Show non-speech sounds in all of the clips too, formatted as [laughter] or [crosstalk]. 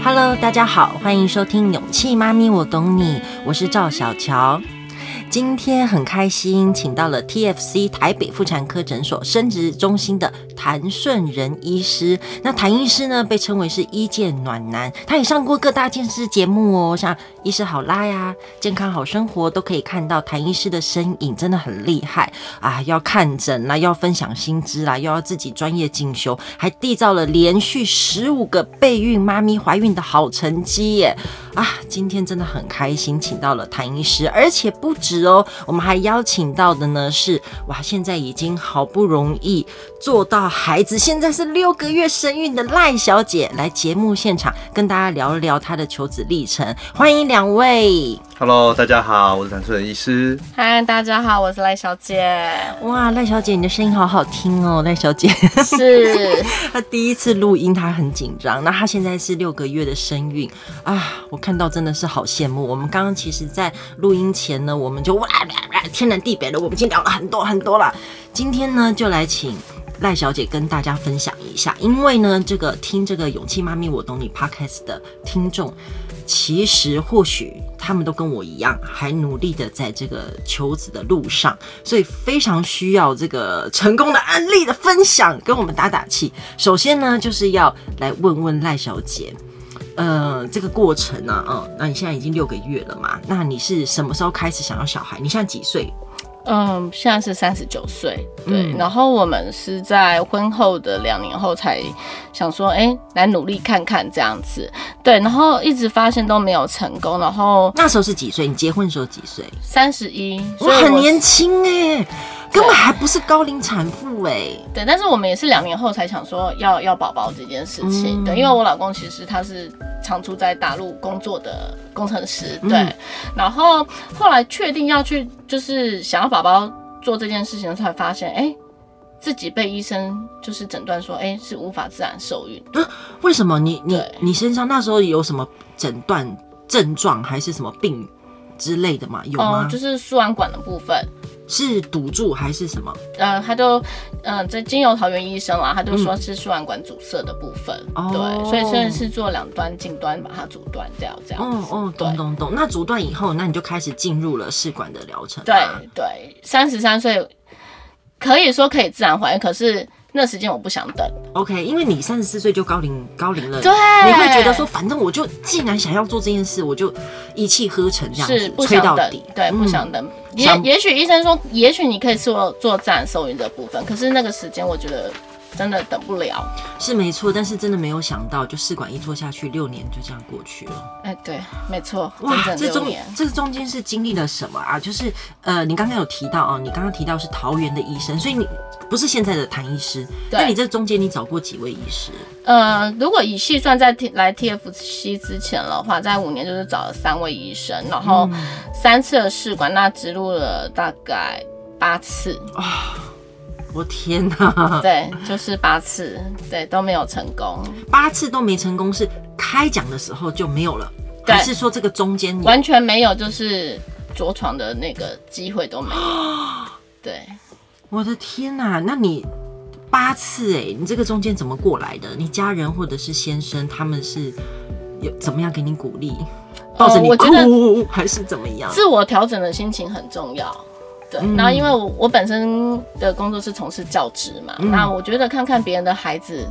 Hello，大家好，歡迎收聽《勇氣媽咪，我懂你》，我是趙小喬。今天很開心，請到了 TFC 台北婦產科診所生殖中心的譚舜仁醫師。那譚醫師呢，被稱為是醫界暖男，他也上過各大電視節目哦，像《醫師好辣》呀，《健康好生活》都可以看到譚醫師的身影，真的很厲害啊！要看診啦、啊、要分享新知啦、啊，又要自己專業進修，還締造了連續十五個備孕媽咪懷孕的好成績耶！啊，今天真的很開心，請到了譚醫師，而且不止。哦，我們還邀請到的呢是哇，現在已經好不容易做到孩子，現在是六個月身孕的賴小姐來節目現場跟大家聊一聊她的求子歷程。歡迎兩位，Hello，大家好，我是譚舜仁醫師。嗨，大家好，我是賴小姐。哇，賴小姐你的聲音好好聽哦，賴小姐 [laughs] 是她第一次錄音，她很緊張。那她現在是六個月的身孕啊，我看到真的是好羨慕。我們剛剛其實在錄音前呢，我們。就哇天南地北的，我們已經聊了很多很多了。今天呢，就來請賴小姐跟大家分享一下，因為呢，這個聽這個勇氣媽咪我懂你 Podcast 的聽眾，其實或許他們都跟我一樣，還努力的在這個求子的路上，所以非常需要這個成功的案例的分享，跟我們打打氣。首先呢，就是要來問問賴小姐。呃，這個過程呢、啊，嗯，那你現在已經六個月了嘛？那你是什麼時候開始想要小孩？你現在幾歲？嗯、呃，現在是三十九歲。對、嗯，然後我們是在婚後的兩年後才想說，哎、欸，來努力看看這樣子。對，然後一直發現都沒有成功。然後那時候是幾歲？你結婚的時候幾歲？三十一，我很年輕哎、欸。根本還不是高齡產婦哎，對，但是我們也是兩年後才想說要要寶寶這件事情、嗯，對，因為我老公其實他是常住在大陸工作的工程師，對，嗯、然後後來確定要去就是想要寶寶做這件事情的時候，才發現哎、欸，自己被醫生就是診斷說哎、欸、是無法自然受孕，啊，為什麼你你你身上那時候有什麼診斷症狀還是什麼病之類的嗎？有嗎？嗯、就是輸卵管的部分。是堵住還是什麼？呃，他都，嗯、呃，這金友桃園醫生啊，他都說是輸卵管阻塞的部分，嗯、對、哦，所以算是做兩端近端把它阻斷掉，這樣。哦哦，懂懂懂。那阻斷以後，那你就開始進入了試管的療程啊。對對，三十三歲，可以說可以自然懷孕，可是。那時間我不想等，OK，因為你三十四歲就高齡高齡了，對，你會覺得說，反正我就既然想要做這件事，我就一氣呵成，這樣子，是不想等，嗯，對，不想等。嗯、也也許醫生說，也許你可以做做自然受孕的部分，可是那個時間，我覺得。真的等不了，是沒錯，但是真的沒有想到，就試管一做下去，六年就這樣過去了。哎、欸，對，沒錯。哇，真這中這個中間是經歷了什麼啊？就是呃，你剛剛有提到啊、哦，你剛剛提到是桃園的醫生，所以你不是現在的譚醫師。對，你這中間你找過幾位醫師？呃，如果以細算，在 T, 來 TFC 之前的話，在五年就是找了三位醫生，然後三次的試管，嗯、那植入了大概八次。哦。我天哪！對，就是八次，對，都沒有成功。八次都沒成功，是開獎的時候就沒有了，對，還是說這個中間完全沒有，就是着床的那個機會都沒有、哦？對，我的天哪！那你八次哎、欸，你這個中間怎麼過來的？你家人或者是先生他們是有怎麼樣給你鼓勵，抱着你哭、哦我覺得，還是怎麼樣？自我調整的心情很重要。對，然後因為我、嗯、我本身的工作是從事教職嘛、嗯，那我覺得看看別人的孩子，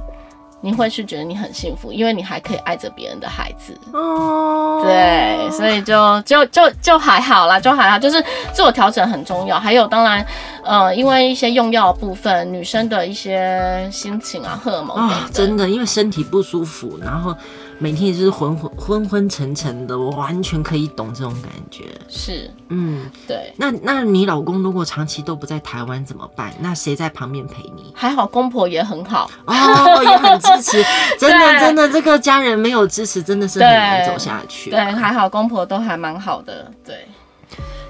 你會是覺得你很幸福，因為你還可以愛着別人的孩子。哦，對，所以就就就就還好啦，就還好，就是自我調整很重要。還有，當然，呃，因為一些用藥部分，女生的一些心情啊、荷爾蒙啊、哦，真的，因為身體不舒服，然後。每天也是昏昏昏昏沉沉的，我完全可以懂這種感覺。是，嗯，對。那那你老公如果長期都不在台灣怎麼辦？那誰在旁邊陪你？還好公婆也很好哦，也很支持。 [laughs] 真的真的，這個家人沒有支持，真的是很難走下去啊。對，還好公婆都還蠻好的。對。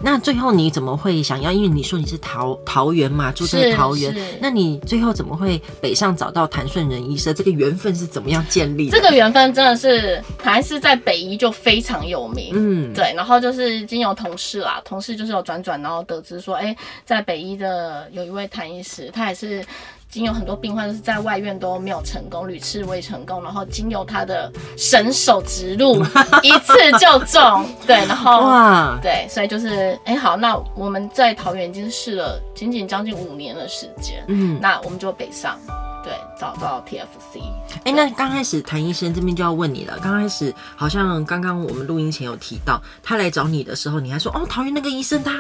那最後你怎麼會想要？因為你說你是桃桃園嘛，住在桃園，那你最後怎麼會北上找到譚舜仁醫生？這個緣分是怎麼樣建立的？這個緣分真的是還是在北醫就非常有名，嗯，對。然後就是經由同事啦、啊，同事就是有轉轉，然後得知說，哎、欸，在北醫的有一位譚醫師，他也是。經有很多病患，就是在外院都沒有成功，屢次未成功，然後經由他的神手植入， [laughs] 一次就中，對，然後，哇對，所以就是，哎，好，那我們在桃園已經試了僅僅將近五年的時間，嗯，那我們就北上，對，找到 TFC，嗯。哎，那剛開始譚醫生這邊就要問你了，剛開始好像剛剛我們錄音前有提到，他來找你的時候，你還說，哦，桃園那個醫生他。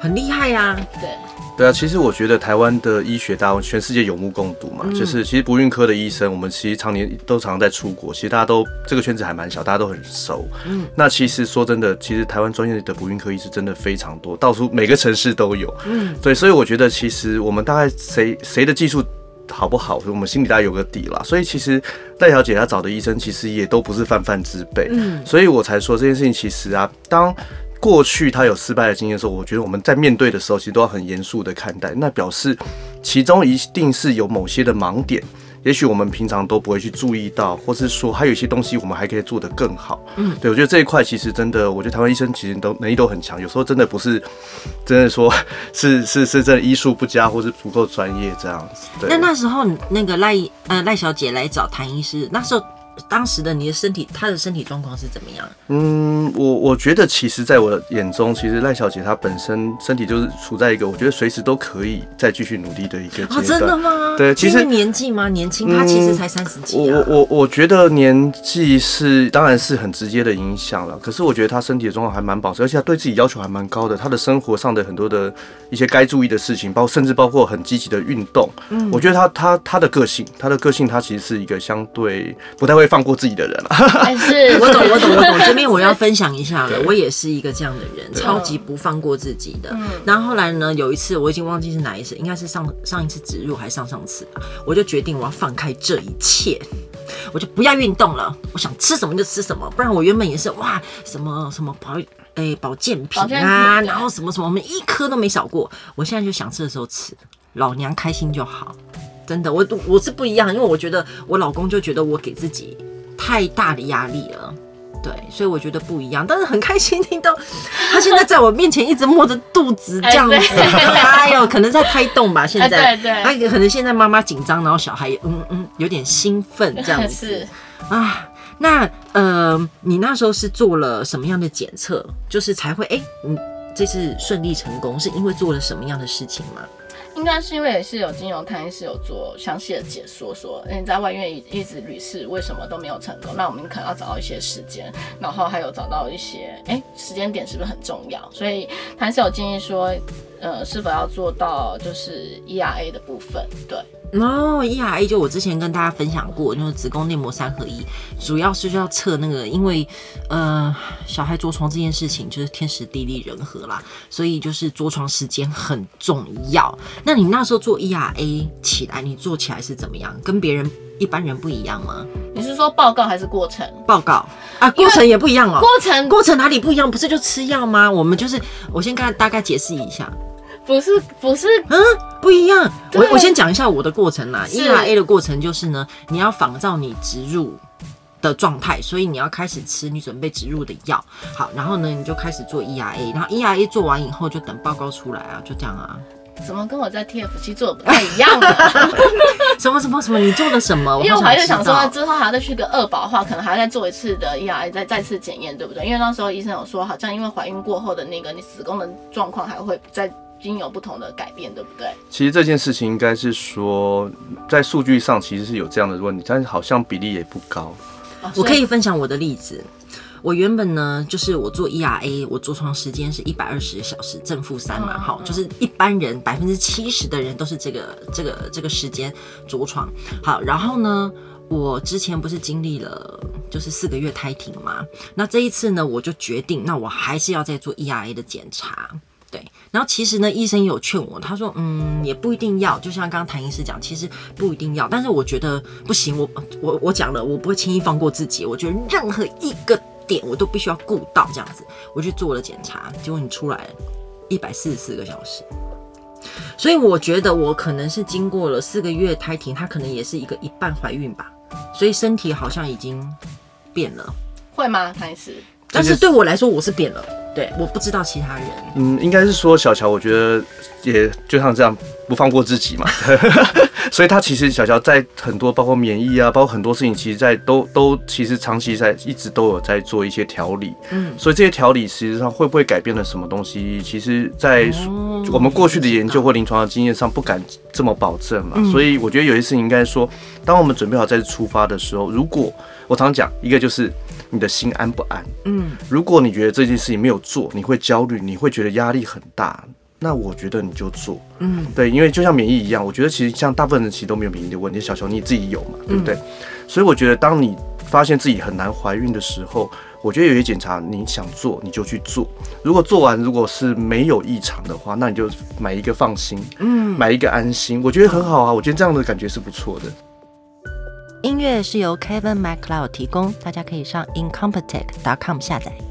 很厲害呀、啊，對，對啊，其實我覺得台灣的醫學，大家全世界有目共睹嘛、嗯，就是其實不孕科的醫生，我們其實常年都常，常在出國，其實大家都這個圈子還蠻小，大家都很熟，嗯，那其實說真的，其實台灣專業的不孕科醫師真的非常多，到處每個城市都有，嗯，對，所以我覺得其實我們大概誰誰的技術好不好，我們心裡大概有個底啦，所以其實賴小姐她找的醫生其實也都不是泛泛之輩，嗯，所以我才說這件事情其實啊，當。過去他有失敗的經驗的時候，我覺得我們在面對的時候，其實都要很嚴肅的看待。那表示其中一定是有某些的盲點，也許我們平常都不會去注意到，或是說還有一些東西我們還可以做得更好。嗯，對，我覺得這一塊其實真的，我覺得台灣醫生其實都能力都很強，有時候真的不是真的說是是是這醫術不佳或是不夠專業這樣子，對。那那時候那個賴呃賴小姐來找譚醫師，那時候。當時的你的身體，她的身體狀況是怎麼樣？嗯，我我覺得，其實，在我眼中，其實賴小姐她本身身體就是處在一個我覺得隨時都可以再繼續努力的一個階段。哦、啊，真的嗎？對，其實年紀嗎？年輕，她其實才三十幾。我我我覺得年紀是當然是很直接的影響了。可是我覺得她身體的狀況還蠻保持，而且她對自己要求還蠻高的。她的生活上的很多的一些該注意的事情，包括甚至包括很積極的運動。嗯，我覺得她她她的個性，她的個性，她其實是一個相對不太會。放過自己的人了。哎，是我懂我懂我懂。這邊我、我、我要分享一下了，我也是一個這樣的人，超級不放過自己的。然後後來呢，有一次我已經忘記是哪一次，嗯、應該是上上一次植入還是上上次吧，我就決定我要放開這一切，我就不要運動了，我想吃什麼就吃什麼，不然我原本也是哇什麼什麼保誒、欸、保健品啊健品，然後什麼什麼我們一顆都沒少過。我現在就想吃的時候吃，老娘開心就好。真的，我我我是不一樣，因為我覺得我老公就覺得我給自己太大的壓力了，對，所以我覺得不一樣。但是很開心，聽到他現在在我面前一直摸着肚子這樣子，哎，哎呦，可能在胎動吧。現在，對、哎、對，那有、哎、可能現在媽媽緊張，然後小孩也嗯嗯有點興奮這樣子。是啊，那呃，你那時候是做了什麼樣的檢測，就是才會哎、欸、你這次順利成功，是因為做了什麼樣的事情嗎？應該是因為也是有經由譚醫師有做詳細的解說，說，說、欸、你在外院一一直屢試，為什麼都沒有成功？那我們可能要找到一些時間，然後還有找到一些，哎、欸，時間點是不是很重要？所以譚醫師有建議說，呃，是否要做到就是 ERA 的部分，對。No E R A 就我之前跟大家分享過，就是子宮內膜三合一，主要是要測那個，因為呃小孩着床這件事情就是天時地利人和啦。所以就是着床時間很重要。那你那時候做 E R A 起來，你做起來是怎麼樣？跟別人一般人不一樣嗎？你是說報告還是過程？報告啊，過程也不一樣哦。過程過程哪裡不一樣？不是就吃藥嗎？我們就是我先跟大家大概解釋一下。不是不是，嗯，不一樣。我我先講一下我的過程啦。E R A 的過程就是呢，你要仿照你植入的狀態，所以你要開始吃你準備植入的藥。好，然後呢，你就開始做 E R A，然後 E R A 做完以後就等報告出來啊，就這樣啊。怎麼跟我在 T F C 做的不太一樣啊？ [laughs] [laughs] 什麼什麼什麼？你做的什麼？因為我還是想說，之後還要再去個二寶的話， [laughs] 可能還要再做一次的 E R A，再再次檢驗，對不對？因為那時候醫生有說，好像因為懷孕過後的那個你子宮的狀況還會再。均有不同的改變，對不對？其實這件事情應該是說，在數據上其實是有這樣的問題，但是好像比例也不高。啊、我可以分享我的例子。我原本呢，就是我做 E R A，我着床時間是一百二十小時，正負三嘛，嗯嗯，好，就是一般人百分之七十的人都是這個這個這個時間着床。好，然後呢，我之前不是經歷了就是四個月胎停嗎？那這一次呢，我就決定，那我還是要再做 E R A 的檢查。對，然後其實呢，醫生也有勸我，他說，嗯，也不一定要，就像剛剛譚醫師講，其實不一定要，但是我覺得不行，我我我講了，我不會輕易放過自己，我覺得任何一個點我都必須要顧到，這樣子，我去做了檢查，結果你出來一百四十四個小時，所以我覺得我可能是經過了四個月胎停，他可能也是一個一半懷孕吧，所以身體好像已經變了，會嗎？譚醫師？但是對我來說，我是變了。對，我不知道其他人。嗯，應該是說小喬，我覺得也就像這樣，不放過自己嘛。 [laughs] 所以他其實小喬在很多包括免疫啊，包括很多事情，其實在都都其實長期在一直都有在做一些調理。嗯，所以這些調理實際上會不會改變了什麼東西？其實，在我們過去的研究或臨床的經驗上不敢這麼保證嘛。所以我覺得有些事情應該說，當我們準備好再次出發的時候，如果我常講一個就是你的心安不安。嗯，如果你覺得這件事情沒有做，你會焦慮，你會覺得壓力很大。那我覺得你就做，嗯，對，因為就像免疫一樣，我覺得其實像大部分人其實都沒有免疫的問題，小熊你自己有嘛，對不對？嗯。所以我覺得當你發現自己很難懷孕的時候，我覺得有些檢查你想做你就去做，如果做完如果是沒有異常的話，那你就買一個放心，嗯，買一個安心，我覺得很好啊，我覺得這樣的感覺是不錯的。音樂是由 Kevin MacLeod 提供，大家可以上 incompetech.com 下載。